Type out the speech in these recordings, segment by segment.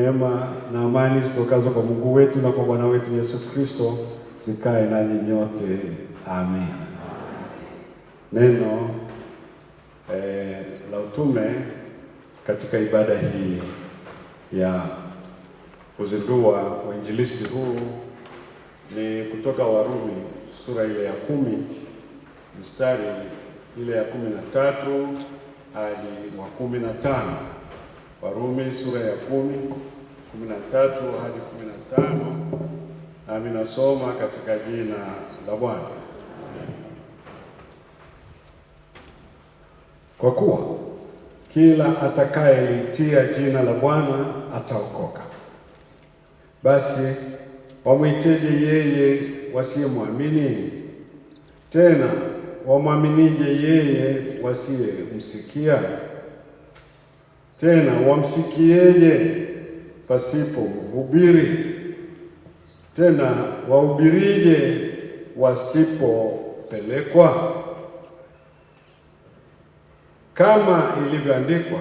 Neema na amani zitokazo kwa Mungu wetu na kwa Bwana wetu Yesu Kristo zikae nanyi nyote. Amen. Neno eh, la utume katika ibada hii ya kuzindua uinjilisti huu ni kutoka Warumi sura ile ya kumi mstari ile ya kumi na tatu hadi wa kumi na tano. Warumi sura ya kumi kumi na tatu hadi kumi na tano nami nasoma katika jina la Bwana. Kwa kuwa kila atakayelitia jina la Bwana ataokoka. Basi wamwiteje yeye wasiyemwamini? Tena wamwaminije yeye wasiyemsikia? Tena wamsikieje pasipo mhubiri. Tena wahubirije wasipopelekwa? Kama ilivyoandikwa,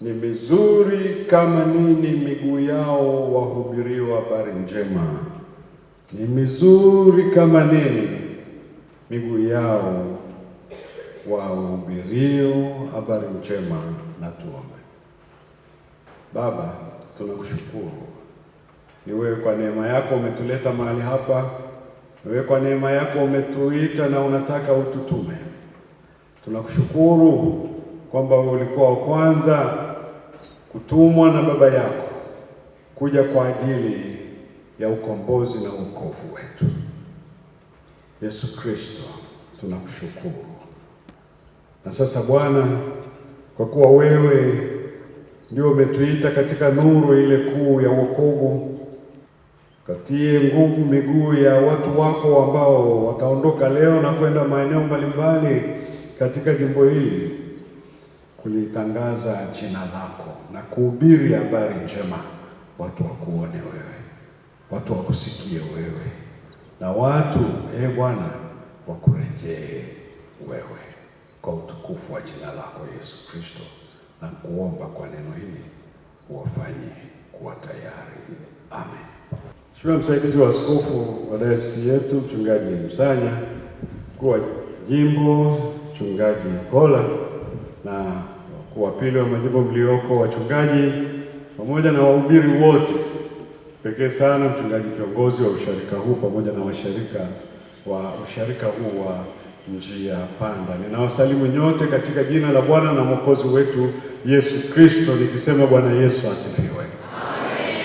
ni mizuri kama nini miguu yao wahubiriwa habari njema, ni mizuri kama nini miguu yao wahubirio habari njema. Na tuombe. Baba tunakushukuru. Ni wewe kwa neema yako umetuleta mahali hapa, ni wewe kwa neema yako umetuita na unataka ututume. Tunakushukuru kwamba wewe ulikuwa wa kwanza kutumwa na Baba yako kuja kwa ajili ya ukombozi na uokovu wetu. Yesu Kristo, tunakushukuru. Na sasa Bwana, kwa kuwa wewe ndio umetuita katika nuru ile kuu ya wokovu. Katie nguvu miguu ya watu wako ambao wataondoka leo na kwenda maeneo mbalimbali katika jimbo hili kulitangaza jina lako na kuhubiri habari njema, watu wakuone wewe, watu wakusikie wewe, na watu e Bwana wakurejee wewe, kwa utukufu wa jina lako Yesu Kristo na kuomba kwa neno hili uwafanye kuwa tayari. Amen. Mheshimiwa msaidizi wa askofu wa dayosisi yetu mchungaji Msanya, mkuu wa jimbo mchungaji kola na wakuu wa pili wa majimbo mlioko, wachungaji pamoja na wahubiri wote, pekee sana mchungaji kiongozi wa usharika huu pamoja na washirika wa usharika huu wa njia panda. Ninawasalimu nyote katika jina la Bwana na Mwokozi wetu Yesu Kristo, nikisema Bwana Yesu asifiwe. Amen.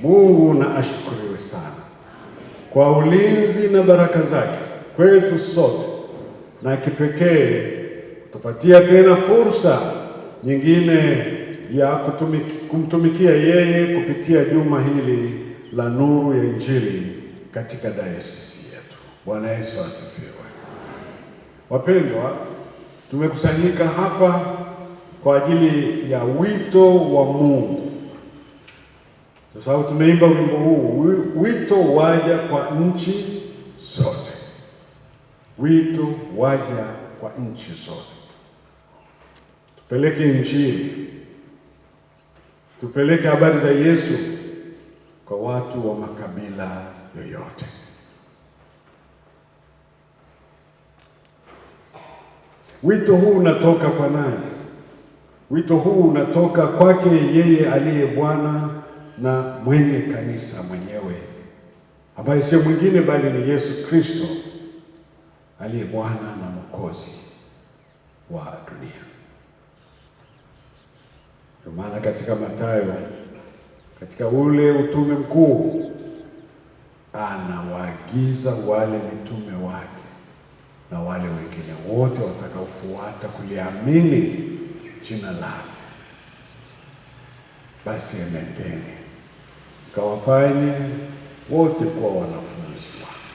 Mungu na ashukuriwe sana Amen, kwa ulinzi na baraka zake kwetu sote, na kipekee tupatia tena fursa nyingine ya kutumiki, kumtumikia yeye kupitia juma hili la nuru ya Injili katika dayosisi yetu. Bwana Yesu asifiwe. Wapendwa, tumekusanyika hapa kwa ajili ya wito wa Mungu, kwa sababu tumeimba wimbo huu, wito waja kwa nchi zote, wito waja kwa nchi zote. Tupeleke Injili, tupeleke habari za Yesu kwa watu wa makabila yoyote. Wito huu unatoka kwa nani? Wito huu unatoka kwake yeye aliye Bwana na mwenye kanisa mwenyewe, ambaye sio mwingine bali ni Yesu Kristo aliye Bwana na Mwokozi wa dunia. Kwa maana katika Mathayo, katika ule utume mkuu, anawaagiza wale mitume wake na wale wengine wote watakaofuata kuliamini jina lake. Basi enendeni kawafanye wote kuwa wanafunzi wake,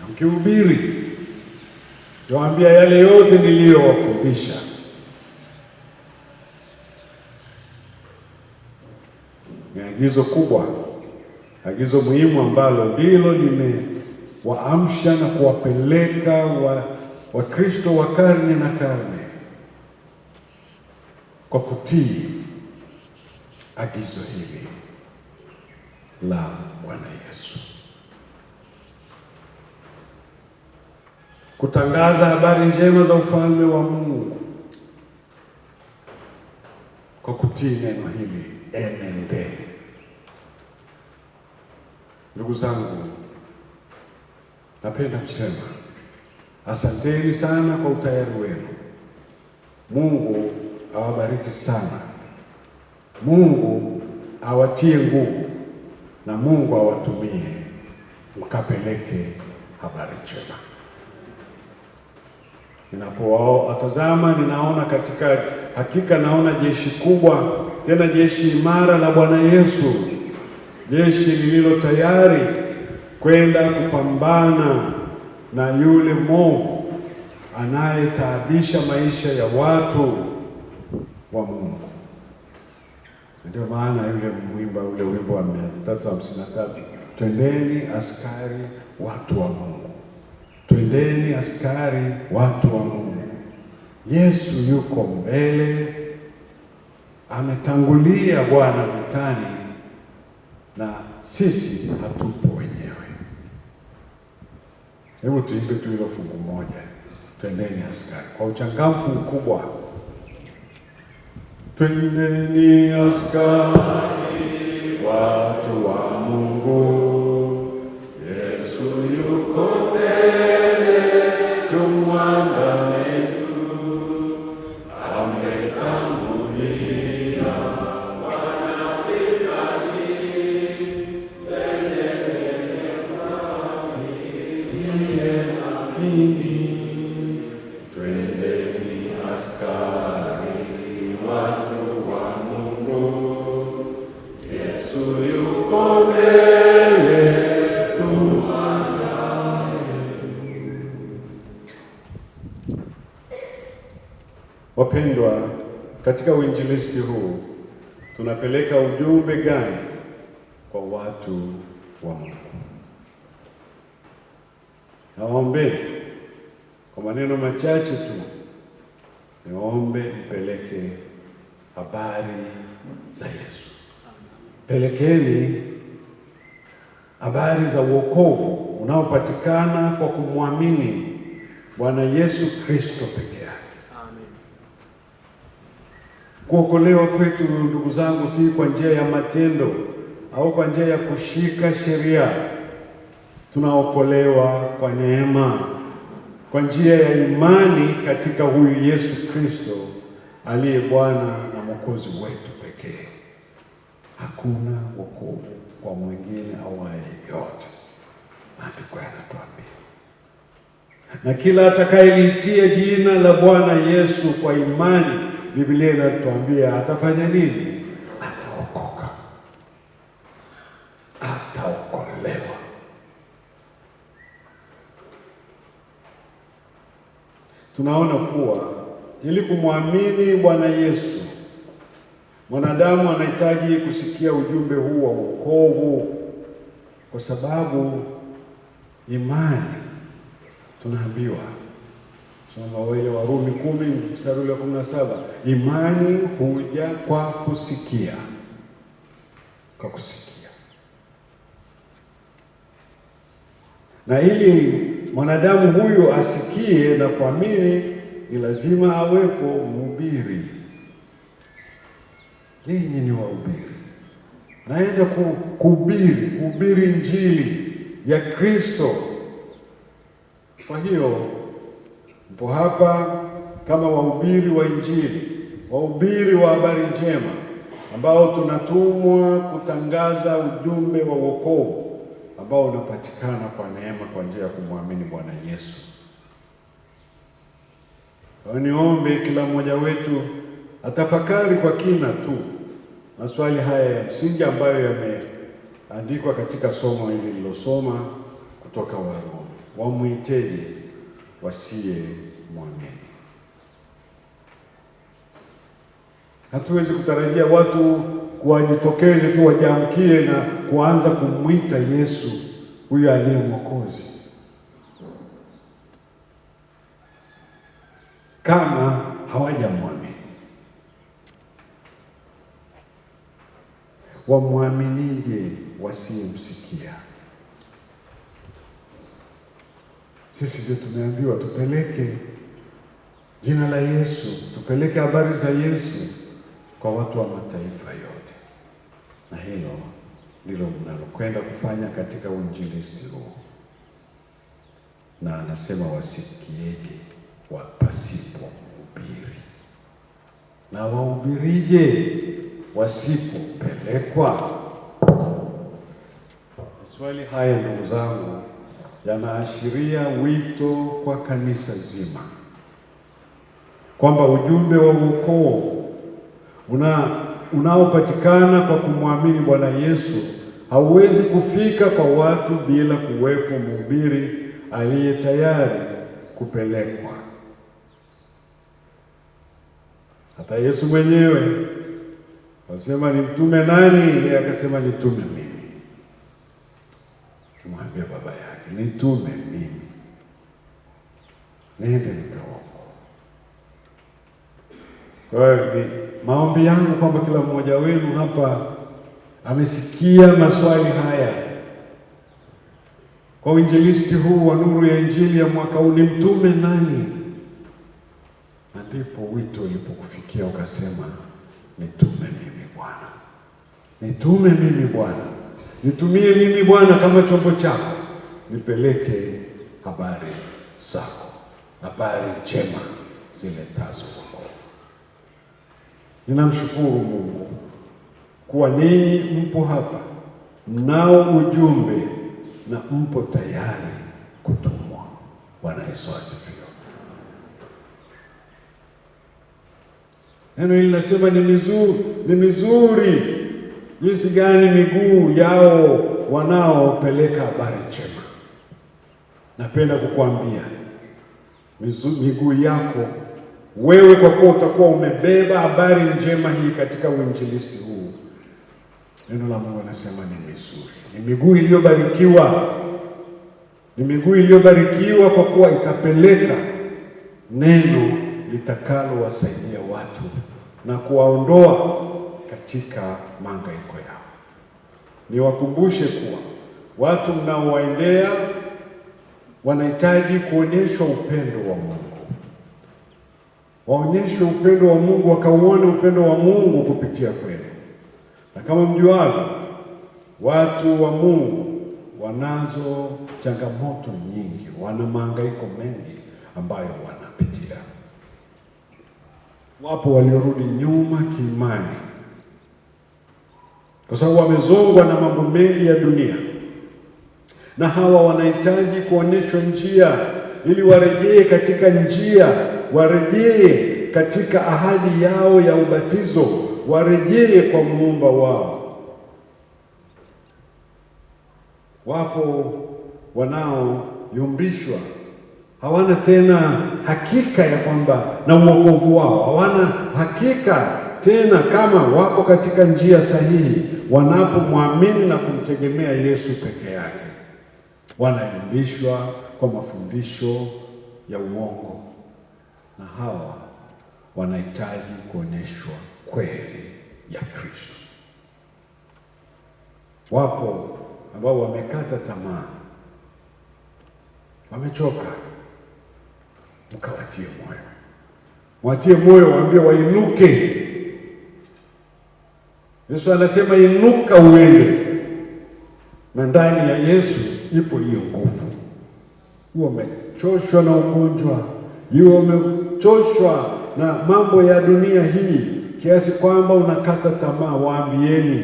na mkihubiri tawaambia yale yote niliyowafundisha ni agizo kubwa, agizo muhimu ambalo ndilo lime waamsha na kuwapeleka Wakristo wa, wa karne na karne kwa kutii agizo hili la Bwana Yesu, kutangaza habari njema za ufalme wa Mungu kwa kutii neno hili enende. Ndugu zangu napenda kusema asanteni sana kwa utayari wenu. Mungu awabariki sana, Mungu awatie nguvu na Mungu awatumie mkapeleke habari njema. Ninapowatazama ninaona katika hakika, naona jeshi kubwa, tena jeshi imara la Bwana Yesu, jeshi lililo tayari kwenda kupambana na yule mwovu anayetaabisha maisha ya watu wa Mungu. Ndio maana yule mwimba ule wimbo wa mia tatu hamsini na tatu, twendeni askari watu wa Mungu, twendeni askari watu wa Mungu. Yesu yuko mbele, ametangulia Bwana vitani, na sisi hatupo Hebu tuimbe tu hilo fungu moja, twendeni askari kwa uchangamfu mkubwa, twendeni askari. uinjilisti huu tunapeleka ujumbe gani kwa watu wa Mungu? Naombe kwa maneno machache tu, niombe mpeleke habari za Yesu. Pelekeni habari za wokovu unaopatikana kwa kumwamini Bwana Yesu Kristo pekee. Kuokolewa kwetu ndugu zangu, si kwa njia ya matendo au kwa njia ya kushika sheria. Tunaokolewa kwa neema, kwa njia ya imani katika huyu Yesu Kristo aliye Bwana na Mwokozi wetu pekee. Hakuna wokovu kwa mwingine au yeyote, maandiko yanatuambia na kila atakayeliitia jina la Bwana Yesu kwa imani Biblia inatuambia atafanya nini? Ataokoka, ataokolewa. Tunaona kuwa ili kumwamini Bwana Yesu mwanadamu anahitaji kusikia ujumbe huu wa wokovu, kwa sababu imani tunaambiwa Soma wale Warumi kumi mstari wa kumi na saba imani huja kwa kusikia, kwa kusikia. Na ili mwanadamu huyu asikie na kuamini, ni lazima awepo mhubiri. Ninyi ni wahubiri, naenda kuhubiri, kuhubiri Injili ya Kristo. Kwa hiyo Mpo hapa kama wahubiri wa Injili, wahubiri wa habari njema ambao tunatumwa kutangaza ujumbe wa wokovu ambao unapatikana kwa neema kwa njia ya kumwamini Bwana Yesu. Kwa niombe kila mmoja wetu atafakari kwa kina tu maswali haya ya msingi ambayo yameandikwa katika somo hili lililosoma kutoka Warumi. Wamwiteje? wasiyemwamini. Hatuwezi kutarajia watu wajitokeze tu wajaamkie na kuanza kumwita Yesu huyo aliye Mwokozi kama hawajamwamini. Wamwaminije wasiyemsikia? Sisi ndio tumeambiwa tupeleke jina la Yesu, tupeleke habari za Yesu kwa watu wa mataifa yote, na hilo ndilo mnalokwenda kufanya katika uinjilisti huu. Na anasema wasikieje wapasipo mhubiri, na wahubirije wasipopelekwa? Maswali haya ndugu zangu yanaashiria wito kwa kanisa zima kwamba ujumbe wa wokovu una unaopatikana kwa kumwamini Bwana Yesu hauwezi kufika kwa watu bila kuwepo mhubiri aliye tayari kupelekwa. Hata Yesu mwenyewe alisema, nimtume nani? Yeye akasema nitume mimi. Tumwambie Baba nitume mimi niende nikaokoe. Kwa hiyo ni maombi yangu kwamba kila mmoja wenu hapa amesikia maswali haya kwa uinjilisti huu wa Nuru ya Injili ya mwaka huu, nimtume mtume nani? Na ndipo wito ulipokufikia ukasema, nitume mimi Bwana, nitume mimi Bwana, nitumie mimi Bwana kama chombo chako nipeleke habari zako, habari njema ziletazo wokovu. Ninamshukuru Mungu kuwa ninyi mpo hapa, mnao ujumbe na mpo tayari kutumwa. Bwana Yesu asifiwe. Neno hili nasema ni mizuri, ni mizuri jinsi gani miguu yao wanaopeleka habari njema napenda kukuambia miguu yako wewe, kwa kuwa utakuwa umebeba habari njema hii katika uinjilisti huu. Neno la Mungu anasema ni mizuri, ni miguu iliyobarikiwa, ni miguu iliyobarikiwa kwa kuwa itapeleka neno litakalowasaidia watu na kuwaondoa katika mahangaiko yao. Niwakumbushe kuwa watu mnaowaendea wanahitaji kuonyeshwa upendo wa Mungu, waonyeshwe upendo wa Mungu, wakauone upendo wa Mungu kupitia kwenu. Na kama mjuavyo, watu wa Mungu wanazo changamoto nyingi, wana mahangaiko mengi ambayo wanapitia. Wapo waliorudi nyuma kiimani kwa sababu wamezongwa na mambo mengi ya dunia na hawa wanahitaji kuonyeshwa njia ili warejee katika njia, warejee katika ahadi yao ya ubatizo, warejee kwa muumba wao. Wapo wanaoyumbishwa, hawana tena hakika ya kwamba na uokovu wao, hawana hakika tena kama wako katika njia sahihi wanapomwamini na kumtegemea Yesu peke yake wanaelimishwa kwa mafundisho ya uongo, na hawa wanahitaji kuonyeshwa kweli ya Kristo. Wapo ambao wamekata tamaa, wamechoka, mkawatie moyo, mwatie moyo, waambie wainuke. Yesu anasema inuka, uende. Na ndani ya Yesu ipo hiyo nguvu. Iwe umechoshwa na ugonjwa, iwe umechoshwa na mambo ya dunia hii kiasi kwamba unakata tamaa, waambieni,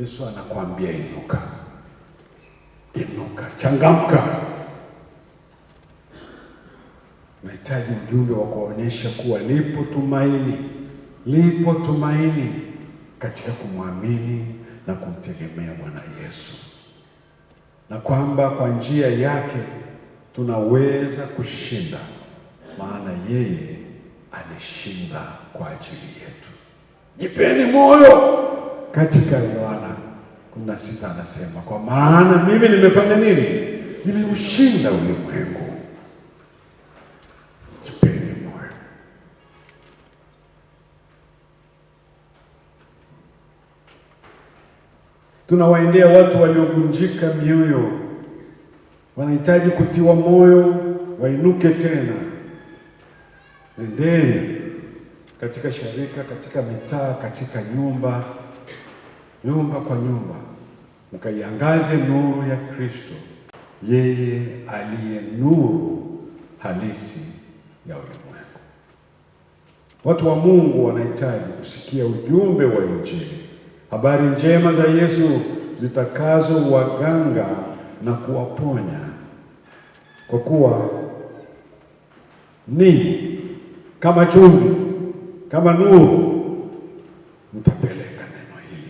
Yesu anakuambia inuka, inuka, changamka. Nahitaji ujumbe wa kuonyesha kuwa lipo tumaini, lipo tumaini katika kumwamini na kumtegemea Bwana Yesu na kwamba kwa njia yake tunaweza kushinda, maana yeye alishinda kwa ajili yetu. Jipeni moyo katika Yohana sita anasema, kwa maana mimi nimefanya nini? Nimeushinda ulimwengu. tunawaendea watu waliovunjika mioyo, wanahitaji kutiwa moyo, wainuke tena. Endee katika sharika, katika mitaa, katika nyumba, nyumba kwa nyumba, mkaiangaze nuru ya Kristo, yeye aliye nuru halisi ya ulimwengu. Watu wa Mungu wanahitaji kusikia ujumbe wa Injili habari njema za Yesu zitakazo waganga na kuwaponya, kwa kuwa ni kama chumvi, kama nuru, mtapeleka neno hili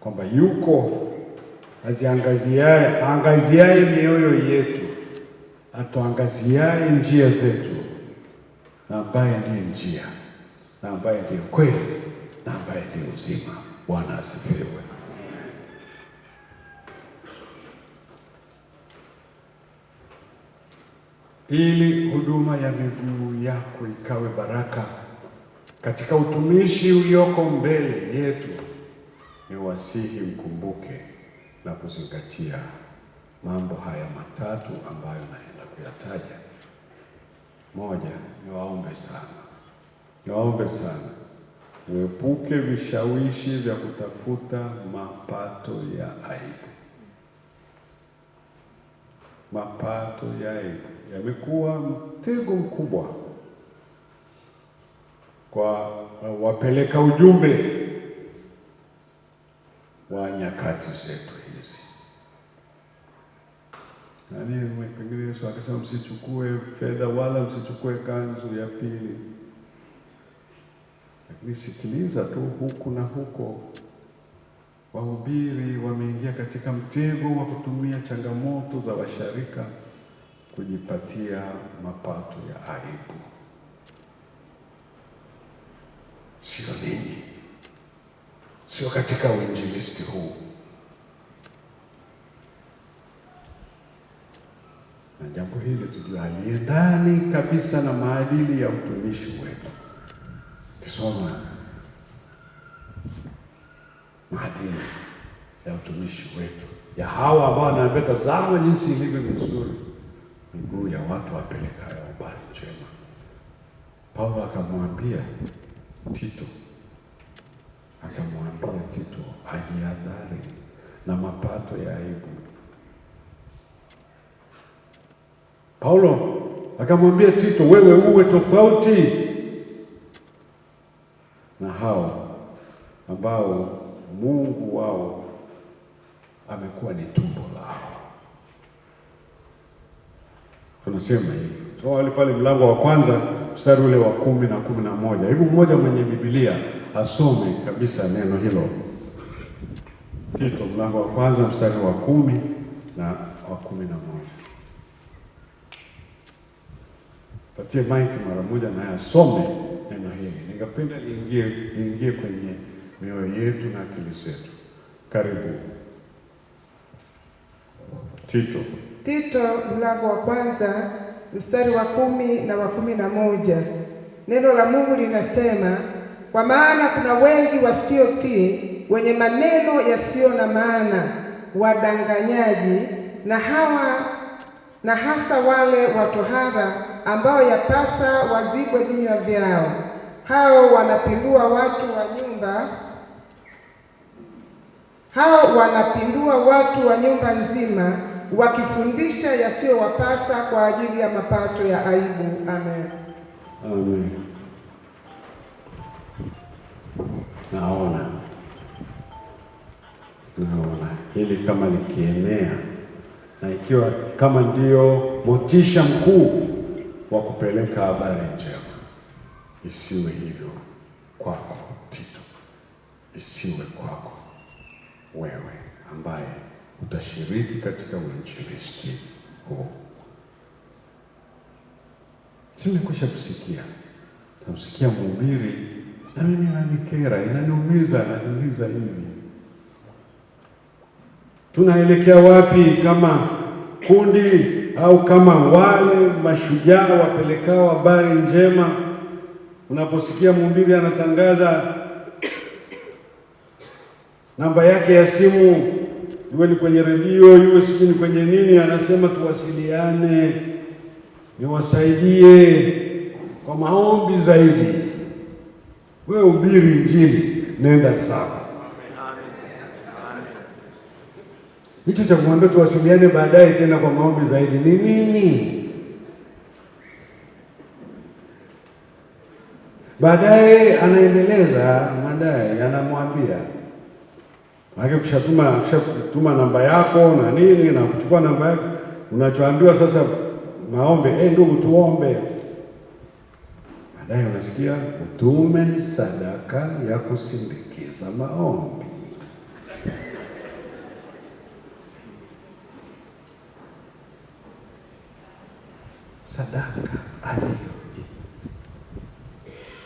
kwamba yuko aziangaziaye aangaziaye mioyo yetu, atuangaziaye njia zetu, na ambaye ndiye njia na ambaye ndiye kweli na ambaye ndiye uzima. Bwana asifiwe. Ili huduma ya miguu yako ikawe baraka katika utumishi ulioko mbele yetu, ni wasihi mkumbuke na kuzingatia mambo haya matatu ambayo naenda kuyataja. Moja, niwaombe sana, niwaombe sana uepuke vishawishi vya kutafuta mapato ya aibu. Mapato ya aibu yamekuwa mtego mkubwa kwa wapeleka ujumbe wa nyakati zetu hizi. Nani pengine Yesu akasema, msichukue fedha wala msichukue kanzu ya pili lakini sikiliza tu huku na huko. Wahubiri wameingia katika mtego wa kutumia changamoto za washarika kujipatia mapato ya aibu. Sio ninyi, sio katika uinjilisti huu. Na jambo hili tujue haliendani kabisa na maadili ya utumishi wetu kusoma maadili ya utumishi wetu ya hawa ambao wanaambia, tazama jinsi ilivyo vizuri miguu ya watu wapelekayo habari njema. Paulo akamwambia Tito, akamwambia Tito ajihadhari na mapato ya aibu. Paulo akamwambia Tito, wewe uwe tofauti hao ambao Mungu wao amekuwa ni tumbo lao. Tunasema hivi wali pale mlango wa kwanza mstari ule wa kumi na kumi na moja. Hebu mmoja mwenye Biblia asome kabisa neno hilo, Tito mlango wa kwanza mstari wa kumi na wa kumi na moja. Patie maiki mara moja naye asome neno hili. Ningependa liingie kwenye mioyo yetu na akili zetu. Karibu Tito, Tito mlango wa kwanza mstari wa kumi na wa kumi na moja neno la Mungu linasema, kwa maana kuna wengi wasiotii, wenye maneno yasiyo na maana, wadanganyaji, na hawa na hasa wale watohara ambao yapasa wazibwe vinywa vyao. Hao wanapindua watu wa nyumba, hao wanapindua watu wa nyumba nzima, wakifundisha yasiyowapasa kwa ajili ya mapato ya aibu. Amen, amen. Naona naona hili kama likienea na ikiwa kama ndiyo motisha mkuu wa kupeleka habari njema. Isiwe hivyo kwako Tito, isiwe kwako wewe ambaye utashiriki katika uinjilisti huu. Simekwisha kusikia, tamsikia mhubiri na mimi inanikera, inaniumiza, inaniumiza hivi Tunaelekea wapi kama kundi au kama wale mashujaa wapelekao habari njema? Unaposikia mhubiri anatangaza namba yake ya simu, iwe ni kwenye redio, iwe sijui ni kwenye nini, anasema tuwasiliane, niwasaidie kwa maombi zaidi. Wewe hubiri Injili, nenda sawa hicho cha kumwambia tuwasiliane baadaye tena kwa maombi zaidi ni nini? Baadaye anaendeleza, baadaye anamwambia maake, kushatuma kushatuma namba yako na nini na kuchukua namba yako, unachoambiwa sasa maombe eh, ndugu tuombe. Baadaye unasikia utume sadaka ya kusindikiza maombi. sadaka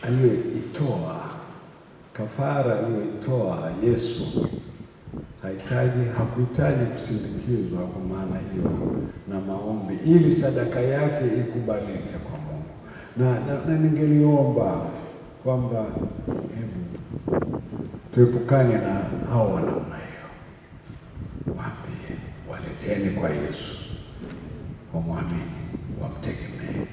aliyoitoa, kafara aliyoitoa Yesu haitaji hakuhitaji kusindikizwa kwa maana hiyo na maombi, ili sadaka yake ikubalike kwa Mungu. Na, na, na ningeliomba kwamba hebu tuepukane na hao wanaona hiyo, waambie waleteni kwa Yesu wamwamini, wamtegemee.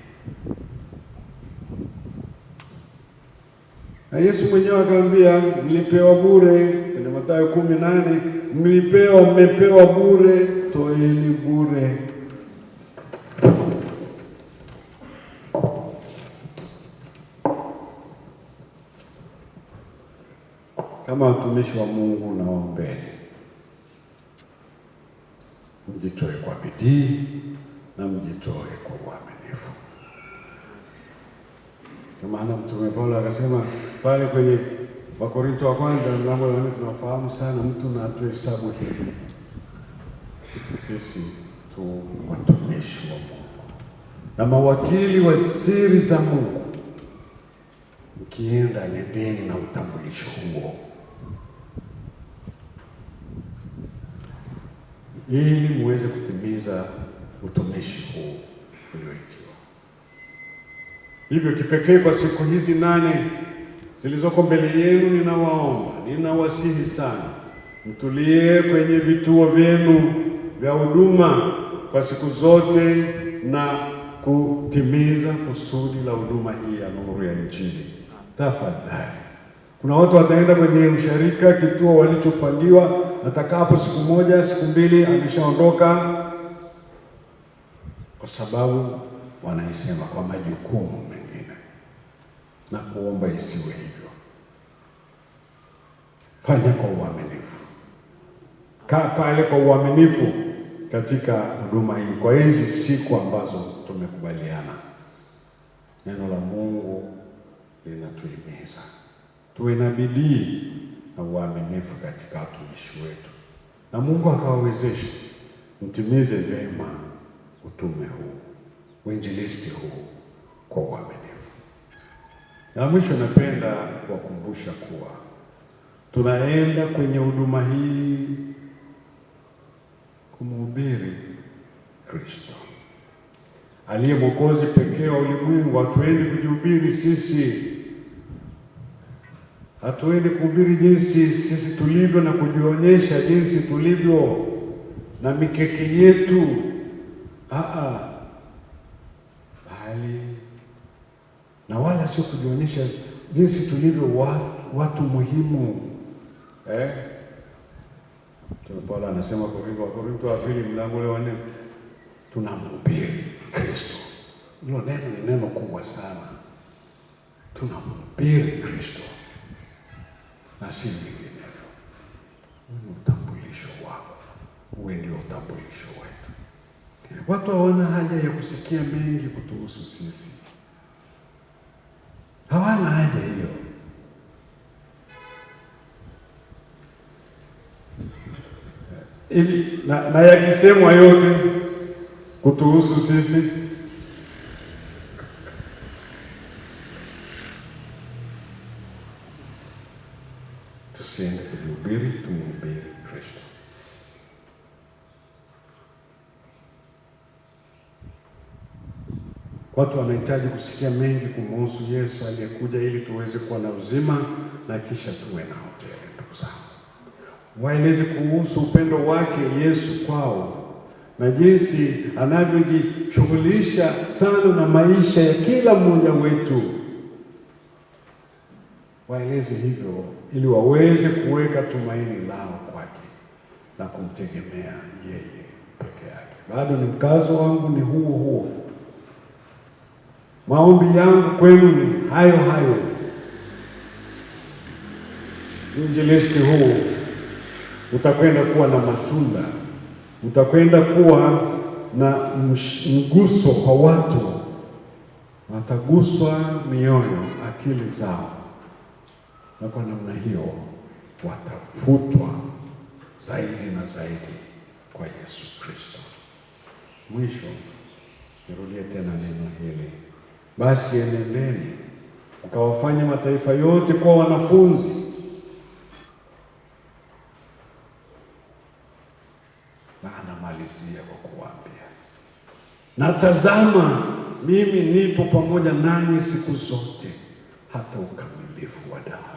Na Yesu mwenyewe akaambia, mlipewa bure, kwenye Mathayo kumi nane mlipewa, mmepewa bure, toeni bure. Kama watumishi wa Mungu, naombeni mjitoe kwa bidii na mjitoe kwa uaminifu. Kwa maana Mtume Paulo akasema pale kwenye Wakorinto wa kwanza mlango wa nane, tunafahamu sana mtu na atuhesabu hivi, sisi tu watumishi wa Mungu na mawakili wa siri za Mungu. Mkienda nendeni na utambulisho huo ili muweze kutimiza utumishi huu ulioitiwa. Hivyo kipekee kwa siku hizi nane zilizoko mbele yenu, ninawaomba, ninawasihi sana, mtulie kwenye vituo vyenu vya huduma kwa siku zote na kutimiza kusudi la huduma hii ya Nuru ya Injili. Tafadhali, kuna watu wataenda kwenye usharika, kituo walichopangiwa, atakapo siku moja siku mbili ameshaondoka kwa sababu wanaisema kwa majukumu mengine, na kuomba isiwe hivyo. Fanya kwa uaminifu, kaa pale kwa uaminifu katika huduma hii kwa hizi siku ambazo tumekubaliana. Neno la Mungu linatuhimiza tuwe na bidii na uaminifu katika watumishi wetu, na Mungu akawawezeshe mtimize vyema utume huu, uinjilisti huu kwa uaminifu. Na mwisho, napenda kuwakumbusha kuwa tunaenda kwenye huduma hii kumhubiri Kristo aliye mwokozi pekee wa ulimwengu. Hatuendi kujihubiri sisi, hatuendi kuhubiri jinsi sisi tulivyo na kujionyesha jinsi tulivyo na mikeke yetu Aa, ah, bali na wala sio kujionyesha jinsi tulivyo wa, watu muhimu eh? Mtume Paulo anasema kwa Wakorintho wa pili mlango ule wa nne, tunamhubiri Kristo. Hilo neno ni neno kubwa sana, tunamhubiri Kristo na si vinginevyo. Utambulisho wako uwe ndio utambulisho wetu. Watu haja ya kusikia mengi kutuhusu sisi, hawana haja hiyo. Ili na, na yakisemwa yote kutuhusu sisi tusiende kujihubiri, tumhubiri Kristo. Watu wanahitaji kusikia mengi kumhusu Yesu aliyekuja ili tuweze kuwa na uzima na kisha tuwe na tele. Ndugu zangu, waeleze kuhusu upendo wake Yesu kwao na jinsi anavyojishughulisha sana na maisha ya kila mmoja wetu. Waeleze hivyo ili waweze kuweka tumaini lao kwake na kumtegemea yeye peke yake. Bado ni mkazo wangu ni huo huo Maombi yangu kwenu ni hayo hayo. Injilisti huu utakwenda kuwa na matunda, utakwenda kuwa na mguso kwa watu, wataguswa mioyo, akili zao, na kwa namna hiyo watafutwa zaidi na zaidi kwa Yesu Kristo. Mwisho nirudie tena neno hili. Basi enendeni mkawafanye mataifa yote kuwa wanafunzi, na anamalizia kwa kuwaambia, na tazama, mimi nipo pamoja nanyi siku zote hata ukamilifu wa damu.